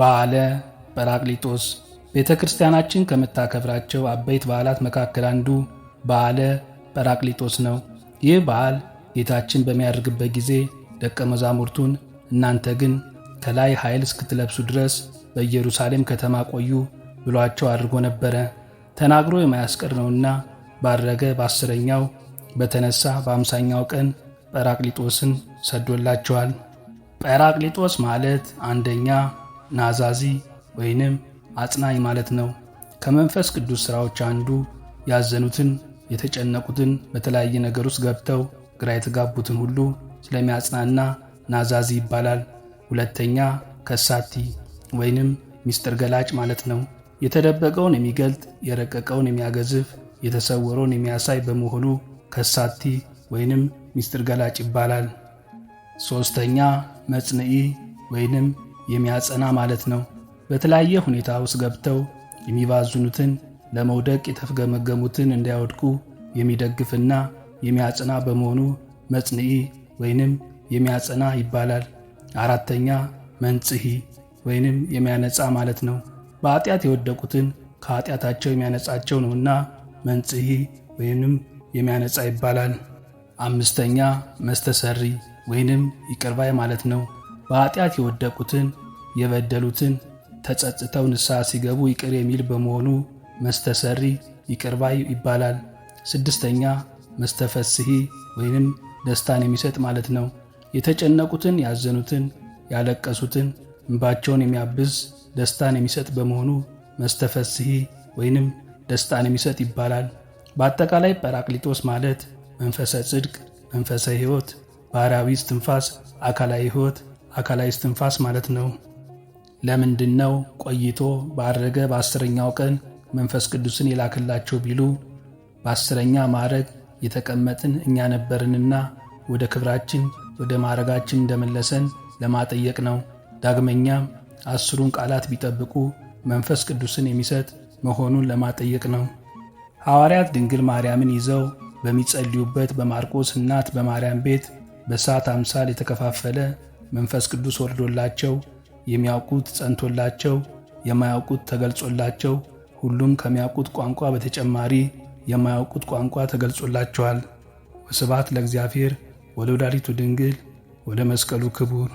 በዓለ ጰራቅሊጦስ ቤተ ክርስቲያናችን ከምታከብራቸው አበይት በዓላት መካከል አንዱ በዓለ ጰራቅሊጦስ ነው። ይህ በዓል ጌታችን በሚያደርግበት ጊዜ ደቀ መዛሙርቱን እናንተ ግን ከላይ ኃይል እስክትለብሱ ድረስ በኢየሩሳሌም ከተማ ቆዩ ብሏቸው አድርጎ ነበረ። ተናግሮ የማያስቀር ነውና ባረገ በአስረኛው በተነሳ በአምሳኛው ቀን ጰራቅሊጦስን ሰዶላቸዋል። ጰራቅሊጦስ ማለት አንደኛ ናዛዚ ወይንም አጽናኝ ማለት ነው። ከመንፈስ ቅዱስ ሥራዎች አንዱ ያዘኑትን የተጨነቁትን በተለያየ ነገር ውስጥ ገብተው ግራ የተጋቡትን ሁሉ ስለሚያጽናና ናዛዚ ይባላል። ሁለተኛ ከሳቲ ወይንም ሚስጥር ገላጭ ማለት ነው። የተደበቀውን የሚገልጥ የረቀቀውን የሚያገዝፍ የተሰወረውን የሚያሳይ በመሆኑ ከሳቲ ወይንም ሚስጥር ገላጭ ይባላል። ሦስተኛ መጽንዒ ወይንም የሚያጸና ማለት ነው። በተለያየ ሁኔታ ውስጥ ገብተው የሚባዝኑትን ለመውደቅ የተፍገመገሙትን እንዳይወድቁ የሚደግፍና የሚያጸና በመሆኑ መጽንዒ ወይንም የሚያጸና ይባላል። አራተኛ መንጽሂ ወይንም የሚያነጻ ማለት ነው። በኃጢአት የወደቁትን ከኃጢአታቸው የሚያነጻቸው ነውና መንጽሂ ወይንም የሚያነጻ ይባላል። አምስተኛ መስተሰሪ ወይንም ይቅርባይ ማለት ነው። በኃጢአት የወደቁትን የበደሉትን ተጸጽተው ንስሐ ሲገቡ ይቅር የሚል በመሆኑ መስተሰሪ ይቅርባይ ይባላል። ስድስተኛ መስተፈስሂ ወይንም ደስታን የሚሰጥ ማለት ነው። የተጨነቁትን፣ ያዘኑትን፣ ያለቀሱትን እንባቸውን የሚያብዝ ደስታን የሚሰጥ በመሆኑ መስተፈስሂ ወይንም ደስታን የሚሰጥ ይባላል። በአጠቃላይ ጰራቅሊጦስ ማለት መንፈሰ ጽድቅ፣ መንፈሰ ሕይወት፣ ባህርያዊ እስትንፋስ፣ አካላዊ ሕይወት፣ አካላዊ እስትንፋስ ማለት ነው። ለምንድን ነው ቆይቶ ባረገ በአስረኛው ቀን መንፈስ ቅዱስን የላክላቸው ቢሉ በአስረኛ ማዕረግ የተቀመጥን እኛ ነበርንና ወደ ክብራችን ወደ ማዕረጋችን እንደመለሰን ለማጠየቅ ነው። ዳግመኛም አስሩን ቃላት ቢጠብቁ መንፈስ ቅዱስን የሚሰጥ መሆኑን ለማጠየቅ ነው። ሐዋርያት ድንግል ማርያምን ይዘው በሚጸልዩበት በማርቆስ እናት በማርያም ቤት በእሳት አምሳል የተከፋፈለ መንፈስ ቅዱስ ወርዶላቸው የሚያውቁት ጸንቶላቸው፣ የማያውቁት ተገልጾላቸው፣ ሁሉም ከሚያውቁት ቋንቋ በተጨማሪ የማያውቁት ቋንቋ ተገልጾላቸዋል። ወስብሐት ለእግዚአብሔር ወለወላዲቱ ድንግል ወለመስቀሉ ክቡር